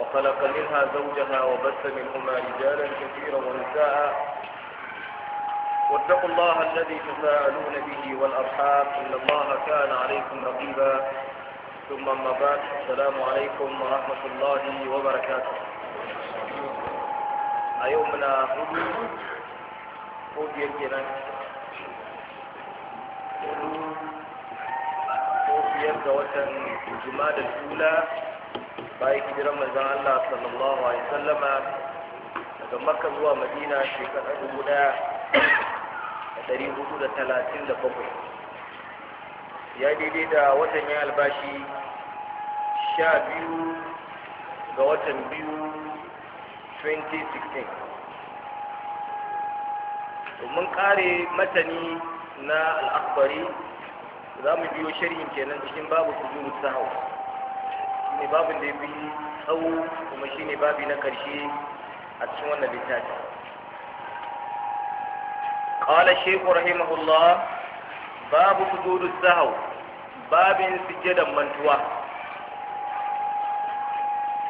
وخلق منها زوجها وبث منهما رجالا كثيرا ونساء واتقوا الله الذي تساءلون به والأرحام إن الله كان عليكم رقيبا ثم أما بعد السلام عليكم ورحمة الله وبركاته أيومنا هدو هدو يمكنك هدو هدو يبقى وطن الجمال الأولى bayan hijiran manzon Allah sallallahu alaihi wasallama daga Makka zuwa Madina shekara dubu daya da dari hudu da talatin da bakwai ya daidai da watan ya albashi sha biyu ga watan biyu 2016 domin kare matani na al'akbari za mu biyo sharhin kenan cikin babu su sahau ne babin da ya fi tsawo kuma shi ne babi na ƙarshe a cikin wannan littafi ƙala shehu rahimahullah babu sujudu sahau babin da mantuwa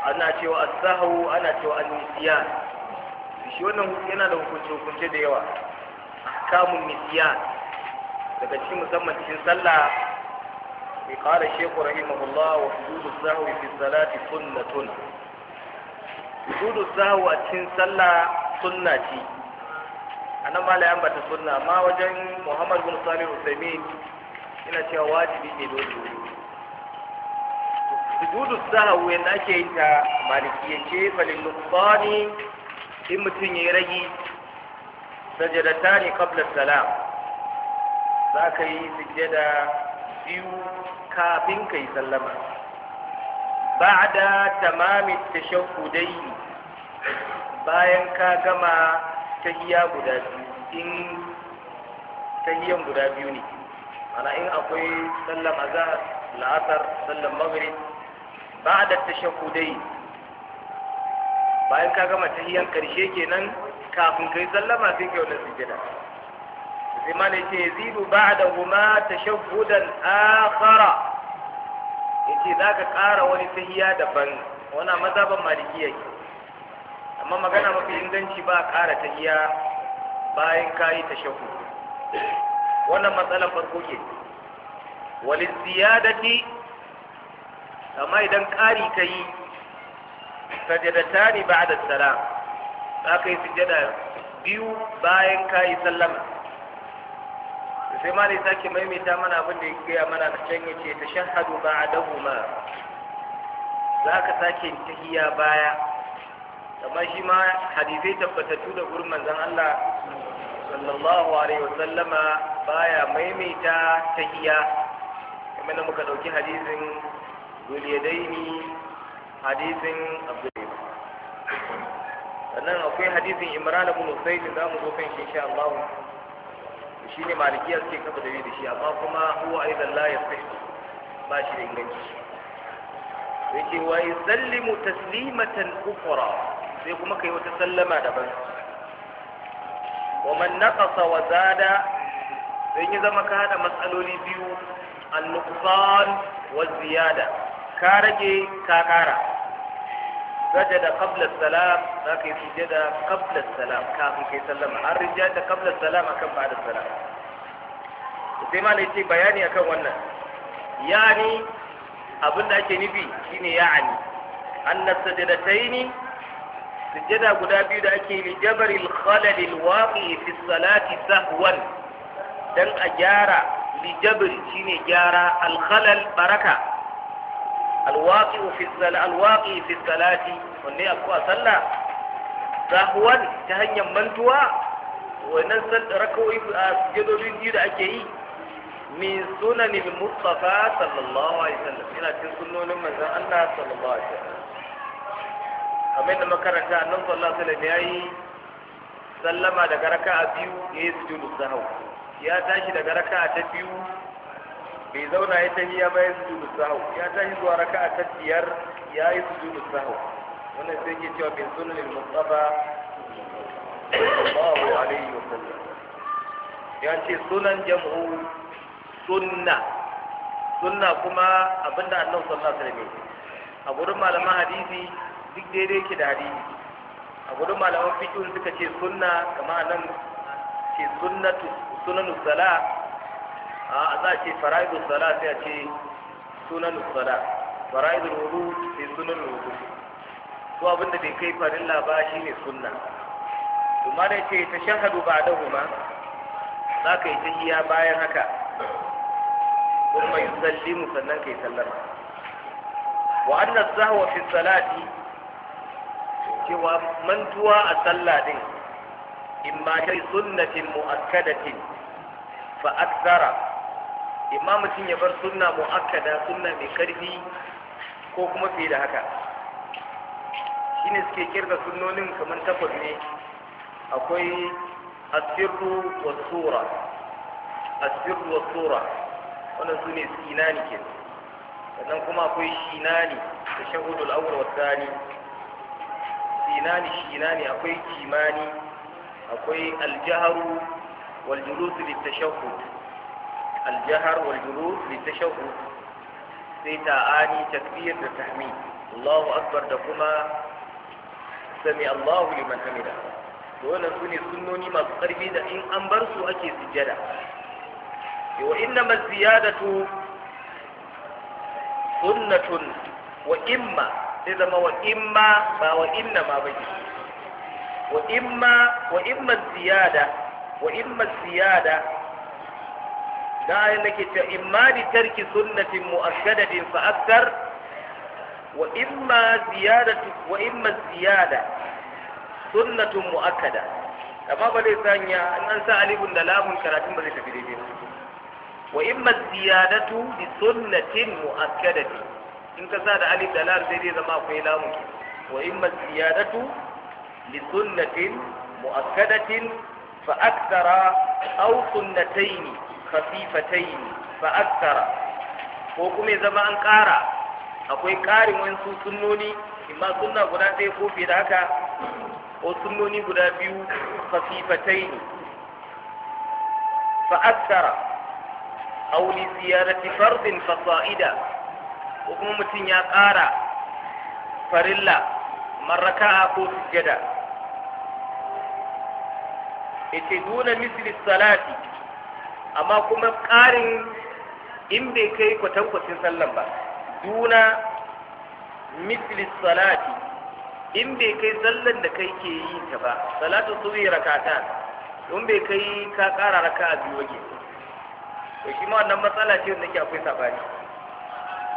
ana cewa as-sahau ana cewa an nisiya. shi wannan yana da hukunce hukunce da yawa kamun nisiya, daga cikin musamman cikin sallah قال الشيخ رحمه الله وسجود السهو في الصلاة سنة سجود السهو أتين صلى سنة أنا ما لا أنبت سنة ما وجن محمد بن صالح العثيمين ina cewa wajibi ne dole sujudu sahwi yadda ake yin ta malikiyance falin nuqsani in mutum ya ragi sajadatani qabla salam za ka yi da. biyu kafin kai sallama ba da tamami tashahhudai bayan ka gama tahiyya guda biyu in tahiyyan guda biyu ne mana in akwai sallama za la'asar sallar maghrib ba'da tashahhudai bayan ka gama tahiyyan karshe kenan kafin kai sallama sai kai wani sujada sai ma ne ce yazidu fara. tashahhudan akhara yace zaka ƙara wani tahiya daban wannan mazhaban malikiya ke amma magana mafi inganci ba ƙara tahiya bayan kayi tashahhud wannan matsalar farko ke walin ziyadati amma idan ƙari ka yi sajadata ne ba da salam za ka yi sujada biyu bayan ka yi sallama sai ma ne sake maimaita mana abin da ya gaya mana da can ya ce ta shahadu ba a dahuma za ka sake tahiya baya kamar shi ma hadisai tabbatattu da gurin manzon Allah sallallahu alaihi wasallama baya maimaita tahiya kamar da muka dauki hadisin zuliyadaini hadisin abdulaziz sannan akwai hadisin imran ibn husayn da mu zo kan shi insha Allah shi ne malikiya suke kafa dalili da shi amma kuma huwa aidan la yasih ba shi da inganci yake wa yusallimu taslimatan ukhra sai kuma kai wata sallama daban wa man naqasa wa zada sai ya zama ka hada matsaloli biyu an-nuqsan wa ziyada ka rage ka kara سجد قبل السلام لكن سجد قبل السلام كافي كي سلم الرجال قبل السلام أكم بعد السلام sai ma ce bayani akan wannan yani abin da ake nufi shine ya'ani annas sajadataini sujjada guda biyu da ake li jabaril khalal al waqi fi salati sahwan dan a gyara li shine gyara al baraka alwaqi'u fi alwaqi fi wanne abu a sallah sahuwan ta hanyar mantuwa wannan rakawoyi a sujadodin biyu da aka yi min sunanil mustafa sallallahu alaihi wasallam yana cikin sunnonin manzon Allah sallallahu alaihi kamar da makaranta annabi sallallahu alaihi wasallam yayi sallama daga raka'a biyu yayi sujudu sahwi ya tashi daga raka'a ta biyu bai zauna ya tafi ya bayan sujudu sahu ya tashi zuwa a ta biyar ya yi su sujudu sahu wannan sai ke cewa bin sunnil mustafa sallallahu alaihi wa sallam ya ce sunan jam'u sunna sunna kuma abinda annabi sallallahu alaihi wa sallam a gurin malaman hadisi duk daidai ke da hadisi a gurin malaman fiqh suka ce sunna kamar nan ce sunnatu sunanu salah a za a ce fara'idu sala sai a ce sunan sala fara'idu wudu sai sunan wudu to abinda bai kai farin ba shine sunna to ma dai ce ta shahadu ba da huma za ka yi tahiyya bayan haka kuma yusallimu sannan kai sallama wa anna sahwa fi salati cewa mantuwa a sallah din imma kai sunnatin mu'akkadatin fa akthara imma mutum ya bar sunna mu'akkada sunna mai karfi ko kuma fiye da haka shine suke kirga sunnonin kamar takwas ne akwai asirru wa sura asirru wa sura wannan su ne sinani ke sannan kuma akwai shinani da shahudul awwal wa tsani sinani shinani akwai kimani akwai aljaharu wal julus lit tashahhud الجهر والجلوس للتشهد sai ta'ani takbir da tahmid Allahu akbar da kuma sami Allahu liman hamida to wannan sune sunnoni masu karfi da in an bar su ake sujjada Ima inna maziyadatu sunnatun wa imma ba ma ziyada ziyada da nake ta imma bi tarki sunnatin mu'akkadatin fa akthar wa imma ziyadatu wa imma ziyada sunnatun mu'akkada amma ba zai sanya an sa alifun da lamun karatun ba zai tafi daidai wa imma ziyadatu bi sunnatin mu'akkadati in ka sa da alif da lam sai dai zama akwai lamun wa imma ziyadatu li sunnatin mu'akkadatin fa akthara aw sunnataini khafifatai fa aktara ko kuma zama an ƙara akwai ƙarin wasu sunnoni amma sunna guda ɗaya ko fiye da haka ko sunnoni guda biyu khafifatai fa aktara aw li ziyarati fardin fa sa'ida ko kuma mutum ya ƙara farilla a ko sujjada Ita duna misli salati amma kuma ƙarin in bai kai kwatankwacin sallan ba duna misli salati in bai kai sallan da kai ke yi ta ba salatu suwi rakata in bai kai ka ƙara raka a biyu wage to shi ma wannan matsala ce wanda ke akwai sabani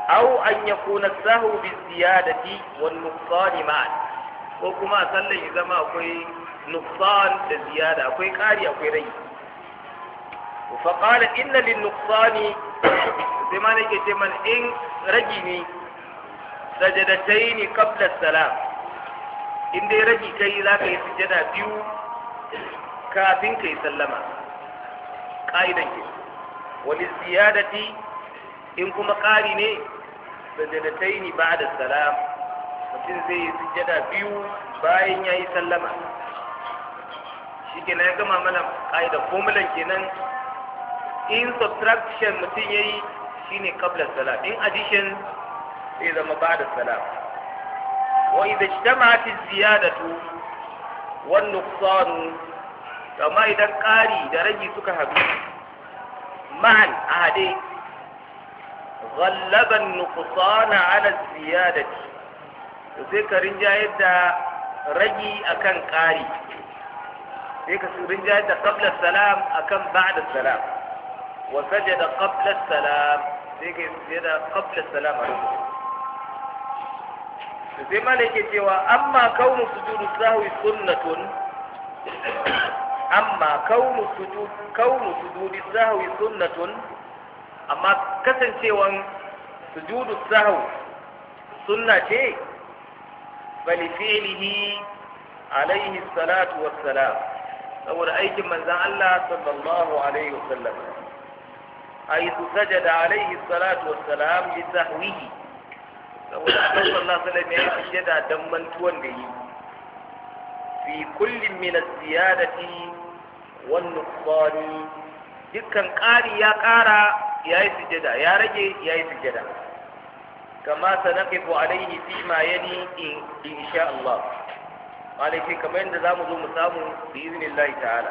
au an kuna sahu bi ziyadati wan nuqsani ma. ko kuma sallan ya zama akwai nuqsan da ziyada akwai ƙari akwai rai? فقال إن للنقصان بما نكي من إن رجني سجدتين قبل السلام إن دي رجي كي ذاك يسجد بيو كافين كي سلم قائدا كي وللزيادة إن كما قارني سجدتين بعد السلام فتن زي yi بيو biyu bayan ya yi sallama shi kenan ya gama mana in subtraction mutum ya yi shi ne kabla sala in addition sai zama ba da sala wa idan ijtama'at ziyadatu wan nuqsan kama idan ƙari da ragi suka haɗu ma'an a haɗe ghallaban nuqsana ala ziyadati to sai ka rinjayar da ragi akan ƙari sai ka rinjayar da qabla salam akan ba'da salam wa sajada qabla salam sai kai sujada qabla salam a ruku sai malaka cewa amma kaunu sujudu sahwi sunnatun amma kaunu sujud kaunu sujudi sunnatun amma kasancewan sujudu sahwi sunna ce bali fi'lihi alaihi salatu wassalam saboda aikin manzon Allah sallallahu alaihi حيث سجد عليه الصلاة والسلام لسهوه saboda annabi sallallahu alaihi wasallam ya yi sujada dan mantuwan da yi fi kullin dukkan ƙari ya ƙara ya yi sujada ya rage ya yi sujada kama sanaqifu alayhi fi ma in insha Allah malaki kamar yadda zamu zo mu samu bi iznillahi ta'ala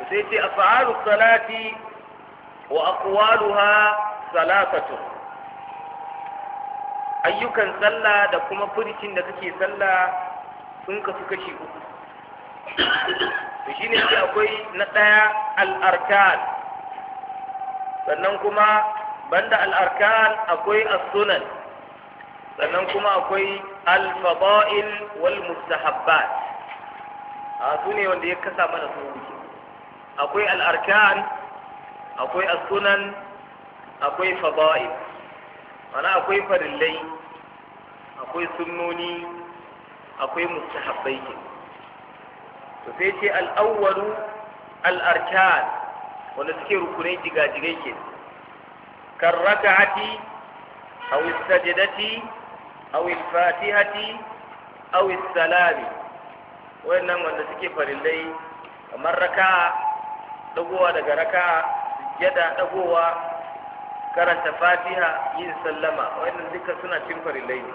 to sai ce afa'alu salati وأقوالها ثلاثة ayyukan sallah da kuma furicin da kake sallah sun kasu kashi uku to shine shi akwai na ɗaya al'arkan sannan kuma banda al'arkan akwai as-sunan sannan kuma akwai wal mustahabbat su ne wanda ya kasa mana akwai al'arkan akwai asunan akwai fada'i mana akwai farillai akwai sunnoni akwai mustahabbai to sai ce al'awwalu al'arkan wanda suke rukunai jigajigai ke kan raka'ati aw sajdati aw fatihati aw salami wannan wanda suke farillai kamar raka'a dagowa daga raka'a yada dagowa karanta fatiha yin sallama wannan duka suna cin farillai ne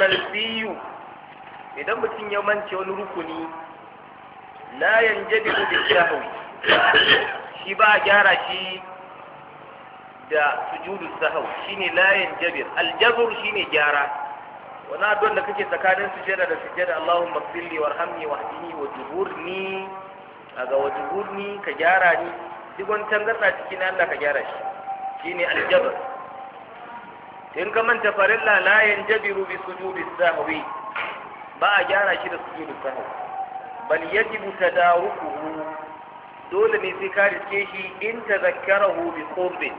malbiyu idan mutum ya mance wani rukuni la yanjadi bi sahwi shi ba gyara shi da sujudu sahau shine la yanjabir aljabr shine gyara wani addu'ar da kake tsakanin sujada da sujada Allahumma qfilli warhamni wahdini wajburni kaga wajen gudni ka gyara ni duk wani tangarda ciki na Allah ka gyara shi shine aljabar in ka manta farilla la yanjabiru bi sujudi sahwi ba a gyara shi da sujudi sahwi bal yajibu tadarukuhu dole ne sai ka riske shi in tazakkarahu bi qurbin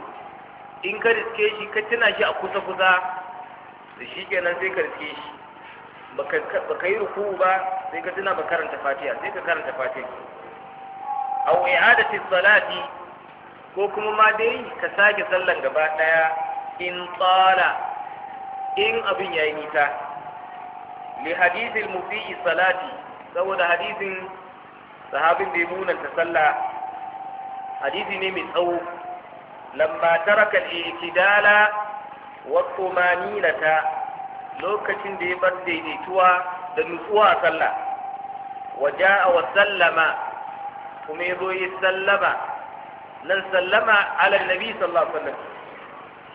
in ka riske shi ka tuna shi a kusa kusa da shi kenan sai ka riske shi baka yi ruku ba sai ka tuna ba karanta fatiha sai ka karanta fatiha aw i'adati salati ko kuma ma dai ka sake sallar gaba daya in tsala in abin yayi nisa li hadithil mufi salati saboda hadisin sahabin da ya munanta sallah hadisi ne mai tsawo lamma taraka al-i'tidala wa tumaninata lokacin da ya bar daidaituwa da nutsuwa a sallah wa ja'a wa sallama kuma ya zo ya sallama nan sallama ala nabi sallallahu alaihi wasallam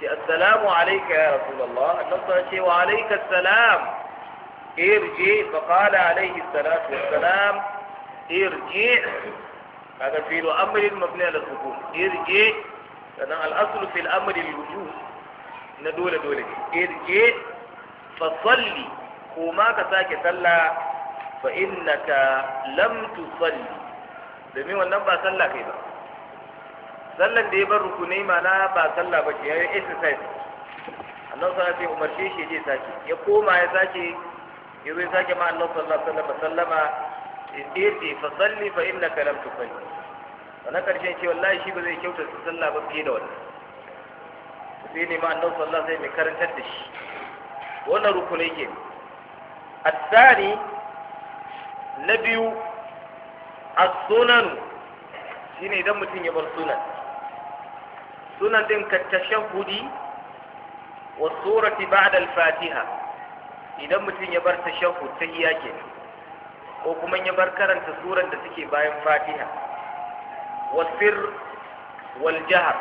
ce assalamu alayka ya rasulullah annabi sallallahu ce wa alayka assalam irji fa qala alayhi salatu wassalam irji kaga fi'lu amrin mabni ala sukun irji sannan al-aslu fil amri al-wujub na dole dole irji fa salli ko ma ka sake sallah fa innaka lam tusalli domin wannan ba sallah kai ba sallan da ya bar rukunai mana ba sallah ba ce ya yi exercise annan sana sai umarce shi je sake ya koma ya sake ya zo ya sake ma sallallahu alaihi sallama sallama ya ce fa salli fa innaka lam tusalli wannan karshen ce wallahi shi ba zai kyauta su sallah ba fiye da wannan sai ne ma annan sallah sai mai karantar da shi wannan rukunai ke الثاني na biyu as-sunan shine idan mutum ya bar sunan sunan din ka tashahudi wa surati ba'da al-fatiha idan mutum ya bar tashahhud tahiyya kenan ko kuma ya bar karanta suran da suke bayan fatiha wa sir wal jahar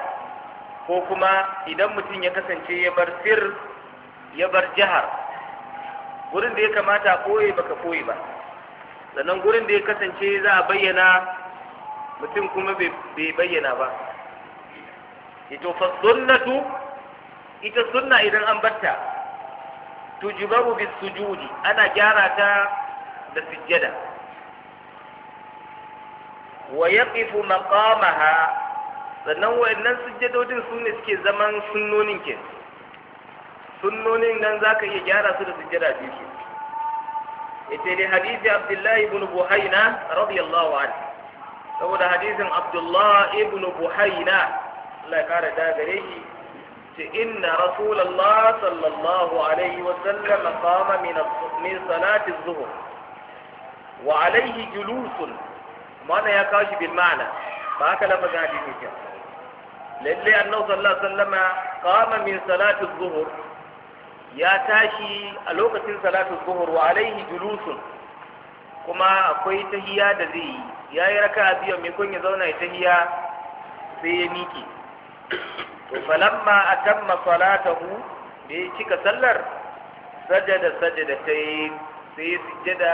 ko kuma idan mutum ya kasance ya bar sir ya bar jahar wurin da ya kamata a koye baka koye ba sannan gurin da ya kasance za a bayyana mutum kuma bai bayyana ba ito fa sunnatu ita sunna idan an batta tujbaru bis sujudi ana gyara ta da sujjada wa yaqifu maqamaha sannan wayannan sujjadodin su ne suke zaman sunnonin ke sunnonin nan zaka iya gyara su da sujjada biyu yace hadisi abdullahi ibn buhaina radiyallahu anhu saboda hadisin abdullahi ibn buhaina Allah ya kara da gare shi ce inna rasulullah sallallahu alaihi wa sallam qama min min salati az-zuhr wa alaihi julusun mana ya kashi shi bil ma'ana ba haka lafazin hadisi ke lalle annabi sallallahu alaihi wa sallama qama min salati az-zuhr ya tashi a lokacin salatu zuhur wa alaihi julusun kuma akwai tahiya da zai yi ya yi raka a biyan mai kun ya zauna ya tahiya sai ya miƙe to falamma atamma salatahu da ya cika sallar sajada sajada ta yi sai ya sujjada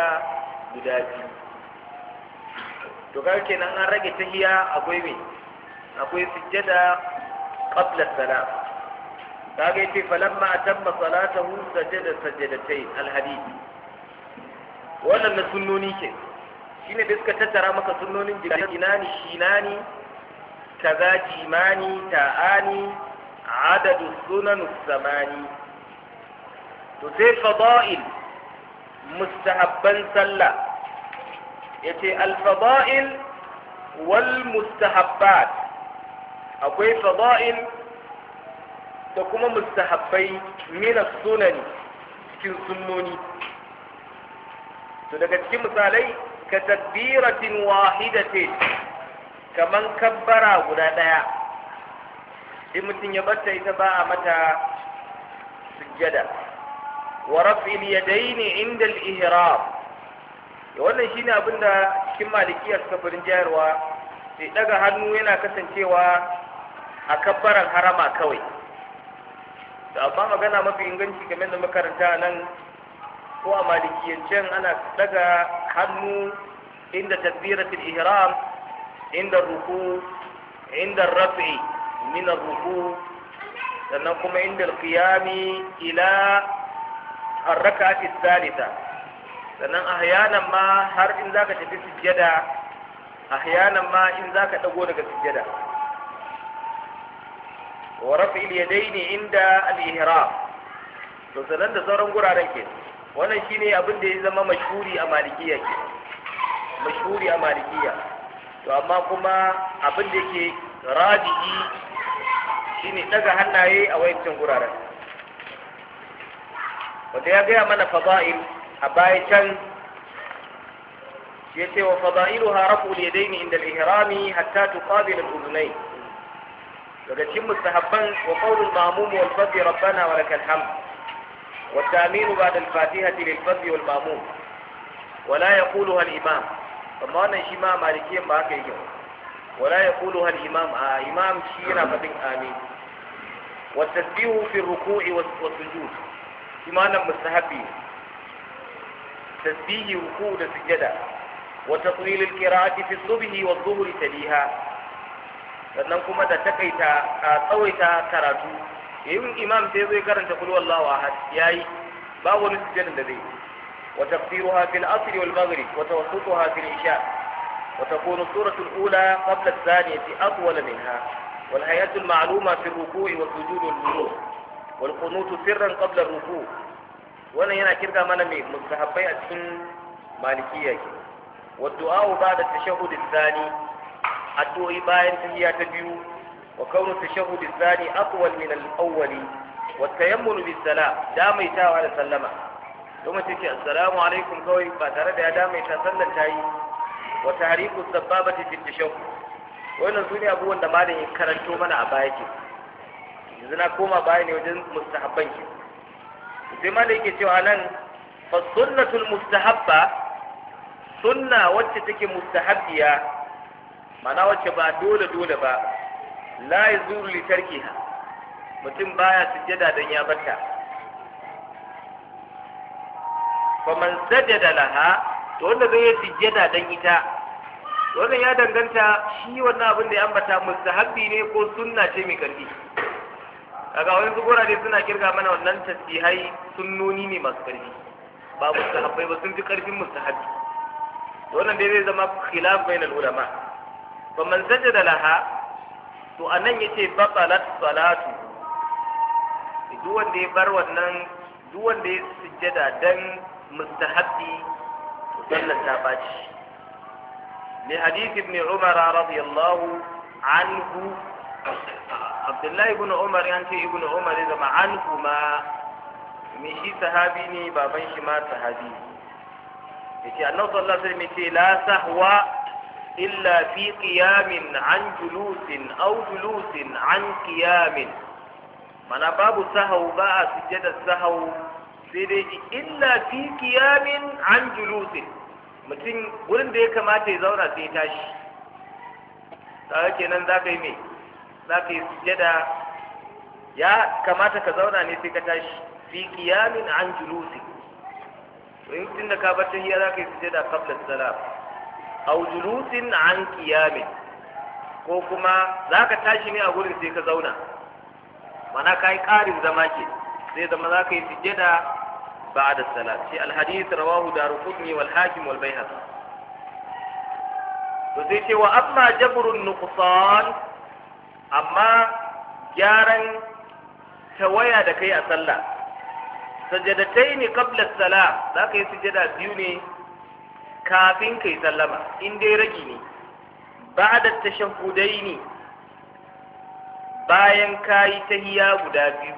guda biyu to ga kenan an rage tahiya akwai me akwai sujjada qabla salat kage ce falamma atamma salatahu sajada sajadatayn alhadith wannan na sunnoni ke shine da suka tattara maka sunnonin jinani shinani kaza jimani ta'ani adadu sunan samani to sai fada'il mustahabban sallah yace al-fada'il wal mustahabbat akwai fada'il da kuma mustahabbai mina sunani cikin sunnoni to daga cikin misalai ka takbiratin wahidatin kaman kabbara guda ɗaya in mutum ya batta ita ba a mata sujjada wa raf'il yadaini inda al-ihram wannan shine abin da cikin malikiya suka farin jayarwa sai daga hannu yana kasancewa a kabbaran harama kawai da amma magana mafi inganci game da makaranta nan ko a malikiyancen ana daga hannu inda tasbiratul ihram inda ruku inda rafi min ruku sannan kuma inda qiyami ila arraka'ati thalitha sannan ahyanan ma har in zaka tafi sujjada ahyanan ma in zaka dago daga sujjada wa rafi yadaini inda al-ihram to sanan da sauran guraren ke wannan shine abin da ya zama mashhuri a malikiya ke mashhuri a malikiya to amma kuma abin da yake rajihi shine daga hannaye a wayancin guraren wanda ya gaya mana fada'il a baya can ya ce wa fada'iluha rafu al-yadaini inda al-ihrami hatta tuqabil al-udhunayn وكتشم مستحبا وقول المأموم والفتي ربنا ولك الحمد والتأمين بعد الفاتحة للفتي والمأموم ولا يقولها الإمام فما أنا شماء مالكيا باكي ولا يقولها الإمام آه إمام شيرا فتك آمين والتسبيح في الركوع والسجود كما أنا مستحبي تسبيح ركوع السجدة وتطويل القراءة في الصبح والظهر تليها sannan kuma da takaita a tsawaita karatu yayin imam sai zai karanta kul wallahu ahad yayi ba wani sujjadin da zai wa tafsiruha fil asr wal maghrib wa tawassutuha fil isha wa takunu suratul ula qabla ath-thaniyati atwal minha wal hayatu al ma'luma fi rukui wa sujudi wal wudu' wal qunutu sirran qabla ar-ruku' wannan yana kirga mana mai mustahabbai a cikin malikiyya ke wa du'a ba'da tashahhud ath-thani addu'o'i bayan tahiyya ta biyu wa kaunu tashahhud ath-thani aqwal min al-awwal wa tayammun bis-salam damaitawa da sallama kuma take assalamu alaikum kawai ba tare da ya da damaita sallan tayi wa tahriku sababati fi tashahhud wannan sune abubuwan da malam ya karanto mana a baya ke yanzu na koma baya ne wajen mustahabban ke sai malam yake cewa nan fa sunnatul mustahabba sunna wacce take mustahabbiya mana wacce ba dole dole ba la zuru litarki ha. mutum baya sujjada don ya bata fa man da laha to wanda zai yi sujjada don ita wannan ya danganta shi wannan abin da ya ambata mustahabbi ne ko sunna ce mai karfi kaga wani zubura ne suna kirga mana wannan tasbihai sunnoni ne masu karfi ba mustahabbai ba sun fi karfin mustahabbi wannan dai zai zama khilaf bainal ulama fa man sajada laha to anan yace batalat salatu duk wanda ya bar wannan duk wanda ya sujjada dan mustahabbi to sallar ta baci li hadith ibn umar radiyallahu anhu abdullahi ibn umar yanke ibn umar ya zama anhu ma me shi sahabi ne baban shi ma sahabi yace annabi sallallahu alaihi wasallam ce la sahwa إلا في قيام عن جلوس أو جلوس عن قيام من باب سهو باء سجد السهو إلا في قيام عن جلوس mutum wurin da ya kamata ya zauna sai tashi tare kenan za ka yi mai za ka yi sujada ya kamata ka zauna ne sai ka tashi fi kiyamin an julusi to in mutum da ka bar tahiya za ka yi sujada kafin salam aw julusin an qiyamin ko kuma zaka tashi ne a gurin sai ka zauna mana kai karin zama ke sai zama zaka yi sujjada ba'da salat shi alhadith rawahu daruqutni wal hakim wal baihaqi to sai ce wa amma jabrun nuqsan amma gyaran ta waya da kai a sallah sajadatai ne qabla salat zaka yi sujjada biyu ne kafin kai sallama in dai ragi ne ba da tashahudai ne bayan ka yi tahiya guda biyu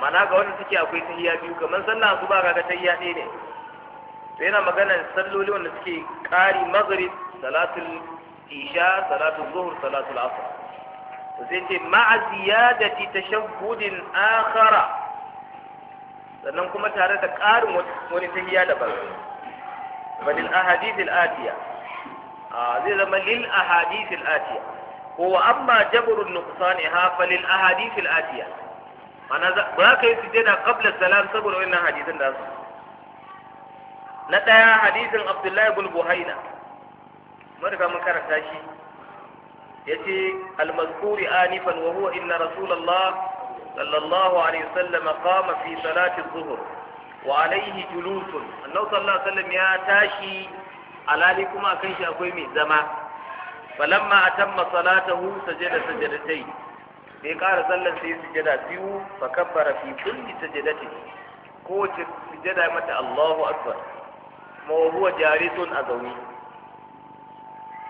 mana ga wanda suke akwai tahiya biyu kamar sallah su ba ga tahiya ɗaya ne to yana maganar salloli wanda suke ƙari maghrib salatul isha salatul zuhur salatul asr to sai ce ma ziyadati tashahudin akhara sannan kuma tare da ƙarin wani tahiya daban balil ahadithil atiya ah, zai zama lil ahadithil atiya ko wa amma jabrun nuqsani ha falil ahadithil atiya mana ba kai yi sujada qabla salam saboda wannan hadisin da su na daya hadisin abdullahi ibn buhaina marka mun karanta shi yace al-mazkuri anifan wa huwa inna rasulullah sallallahu alaihi wasallam qama fi salati adh-dhuhr wa alaihi julusun annabi sallallahu alaihi wasallam ya tashi alali kuma akan shi akwai mai zama falamma atamma salatahu sajada sajadatai sai ƙara sallar sai sujada biyu fa kabbara fi kulli sajadatin kowace sujada mata Allahu akbar ma huwa jarisun a zaune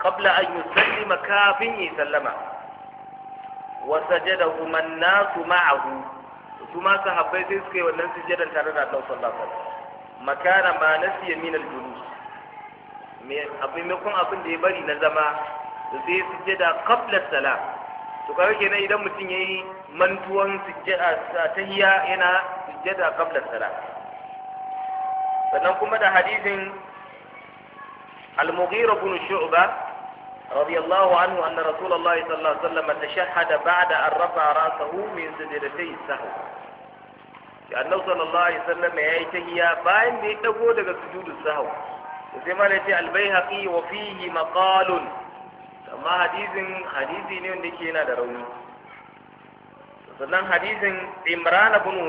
qabla an yusallima kafin yi sallama wa sajadahu man nasu ma'ahu su ma sahabbai sai suka yi wannan sujjadan tare da Allah sallallahu alaihi wasallam makana ma nasiya min al-julus me abin abin da ya bari na zama da sai sujjada qabla salam to kaga kenan idan mutum ya yi mantuwan sujjada tahiyya yana sujjada qabla sala sannan kuma da hadisin al-mughira bin shu'ba رضي الله عنه أن رسول الله صلى الله عليه وسلم تشهد بعد أن رفع رأسه من السهو bayan da ya daga sujudu sahw al-baihaqi wa fihi maqalun amma da rauni sannan hadisin Imran ibn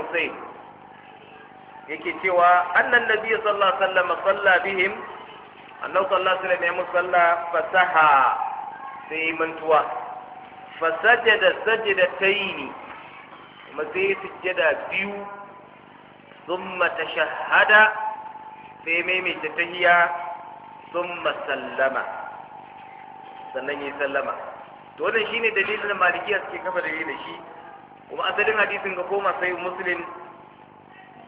yake cewa bihim annabi sallallahu alaihi wasallam ya musalla fasaha sai mantuwa fasajada sajdatayni kuma sai sujjada biyu thumma tashahhada sai maimaita tahiyya thumma sallama sannan yi sallama to wannan shine dalilin malikiya suke kafa da shi kuma asalin hadisin ga koma sai muslim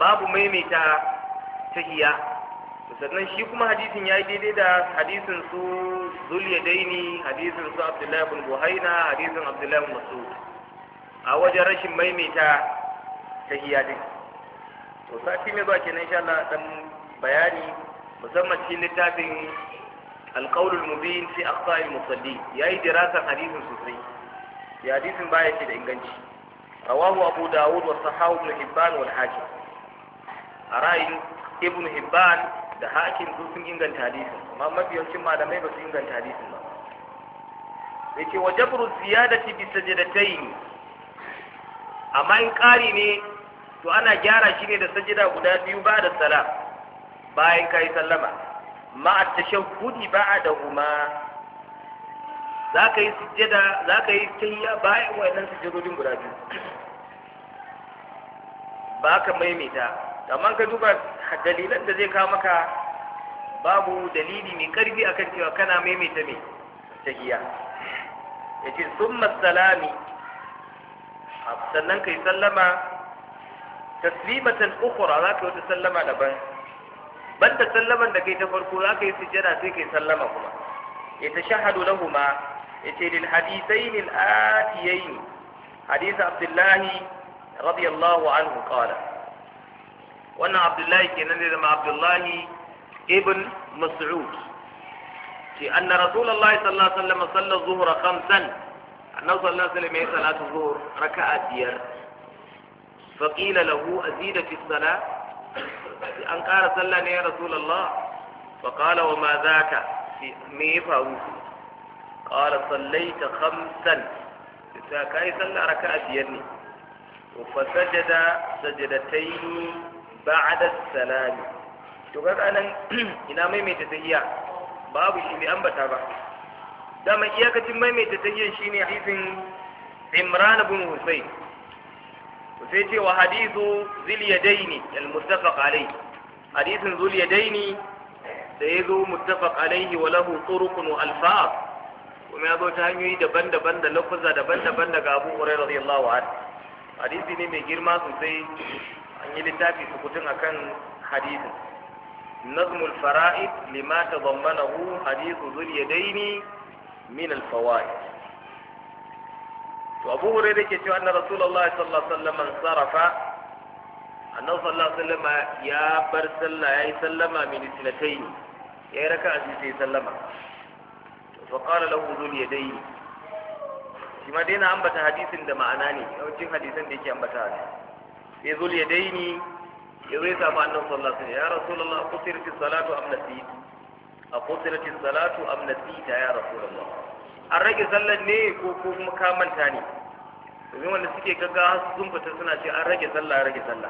babu maimaita tahiyya sannan shi kuma hadisin ya yi daidai da hadisin su daini hadisin su abdullahi bin buhaina hadisin abdullahi bin masud a wajen rashin maimaita ta hiyadin to sati mai zuwa kenan insha Allah dan bayani musamman cikin littafin alqaulul mubin fi aqsa'il musalli yayi dirasan hadisin sosai ya hadisin baya ce da inganci rawahu abu dawud wa sahahu ibn hibban wal hakim a ra'ayin ibn hibban da hakin su sun inganta hadisin amma mafi yawancin malamai ba su inganta hadisin ba ce wa jabru ziyadati bi sajdatayn amma in ƙari ne to ana gyara shi ne da sajida guda biyu ba da salam bayan kai sallama ma a tashahhudi ba'dahuma za ka yi sujjada za ka yi tayya bayan wayannan sujjadodin guda biyu ba ka maimaita amma ka duba dalilan da zai kawo maka babu dalili mai karfi akan cewa kana maimaita mai tahiya yace summa salami sannan kai sallama taslimatan ukhra za ka yi wata sallama daban banda sallaman da kai ta farko za ka yi sujjada sai kai sallama kuma yatashahadu lahuma yace lil hadithain al atiyain hadith abdullahi radiyallahu anhu qala wannan abdullahi kenan da zama abdullahi ibn mas'ud ce anna rasulullahi sallallahu alaihi wasallam salla zuhra khamsan annabi sallallahu alaihi wasallam ya salatu zuhur raka'a biyar fa qila lahu azida fi salat an ƙara sallah ne ya rasulullah fa qala wa ma zaka me ya faru qala sallaita khamsan sai kai sallah raka'a biyar ne fa sajada sajadatayn ba'da salami to kaga nan ina maimaita tahiyya babu shi bai ambata ba dama iyakacin maimaita tahiyyan shine hadisin Imran ibn Husayn sai ce wa hadithu zil yadaini al-muttafaq alayhi hadithun zul yadaini da ya muttafaq alaihi wa lahu turuqun wa alfaz kuma ya zo ta hanyoyi daban-daban da lafuzza daban-daban daga Abu Hurairah radiyallahu anhu hadisi ne mai girma sosai an yi littafi sukutun akan hadisin nazmul fara'id lima hadisu hadithu dhul yadaini min alfawai. fawaid to abu hurairah ke cewa anna rasulullah sallallahu sallama wasallam sarafa annabi sallallahu alaihi wasallam ya bar sallah ya yi sallama min isnatayn yayi raka'a sai sallama to fa qala lahu dhul yadaini shi ma dai na ambata hadisin da ma'ana ne yawancin hadisan da yake ambata ne ya zo ya daini ya zo ya samu annan sallallahu alaihi ya rasulullah salatu am nasit a qutirati salatu am nasita ya rasulullah an rage sallar ne ko kuma ka manta ne domin suke gaggawa fita suna ce an rage sallah rage sallah